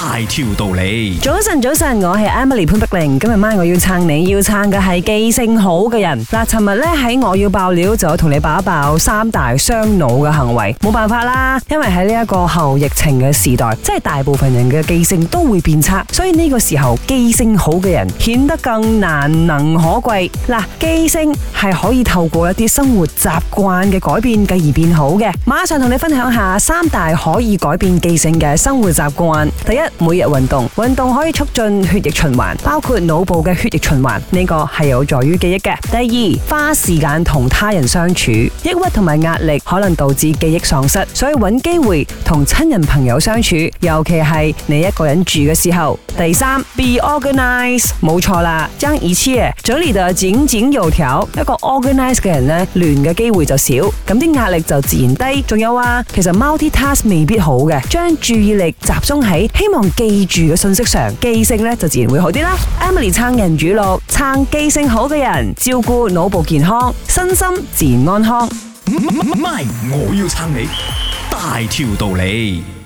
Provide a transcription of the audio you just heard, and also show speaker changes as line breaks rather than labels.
大條道理，早
晨早晨，我係 Emily 潘碧玲，今日晚我要撐你，要撐嘅係記性好嘅人。嗱、啊，尋日咧喺我要爆料，就同你爆一爆三大傷腦嘅行為。冇辦法啦，因為喺呢一個後疫情嘅時代，即係大部分人嘅記性都會變差，所以呢個時候記性好嘅人顯得更難能可貴。嗱、啊，記性係可以透過一啲生活習慣嘅改變繼而變好嘅。馬上同你分享下三大可以改變記性嘅生活習慣。第一。每日運動，運動可以促進血液循環，包括腦部嘅血液循環，呢個係有助於記憶嘅。第二，花時間同他人相處，抑鬱同埋壓力可能導致記憶喪失，所以揾機會同親人朋友相處，尤其係你一個人住嘅時候。第三，be organized，冇錯啦，將耳痴，嘴裏就有井井有條，一個 organized 嘅人呢，亂嘅機會就少，咁啲壓力就自然低。仲有啊，其實 multitask 未必好嘅，將注意力集中喺希望。記住嘅信息上，記性咧，就自然會好啲啦。Emily 撐人語錄，撐記性好嘅人，照顧腦部健康，身心自然安康。MY，我
要撐你，大條道理。